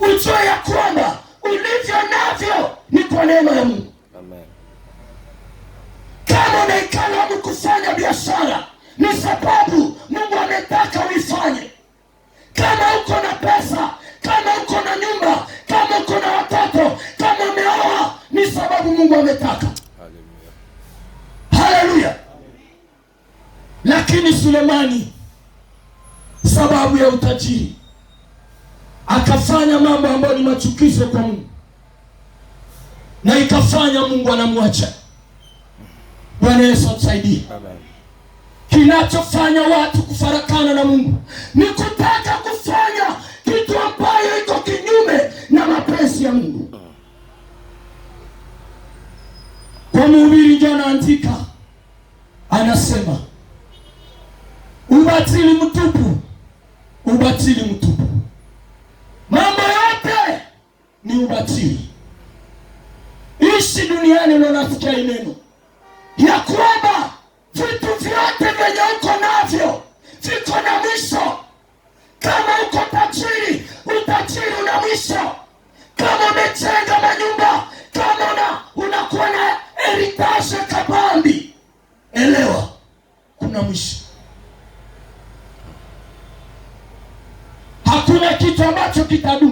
Ujua ya kwamba ulivyo navyo ni kwa neema ya Mungu. Amen. Kama unaikana au kufanya biashara ni sababu Mungu ametaka uifanye. Kama uko na pesa, kama uko na nyumba, kama uko na watoto, kama umeoa ni sababu Mungu ametaka. Haleluya! Lakini Sulemani, sababu ya utajiri akafanya mambo ambayo ni machukizo kwa Mungu na ikafanya Mungu anamwacha. Bwana Yesu atusaidie. Kinachofanya watu kufarakana na Mungu ni kutaka kufanya kitu ambayo iko kinyume na mapenzi ya Mungu. Kwa mhubiri jana Antika anasema ubatili mtupu, ubatili mtupu batili. Ishi duniani na neno ya kwamba vitu vyote vyenye uko navyo viko na mwisho. Kama uko tajiri, utajiri una mwisho. Kama umechenga manyumba, kama una unakuwa na heritage kabambi, elewa kuna mwisho. Hakuna kitu ambacho kitadumu.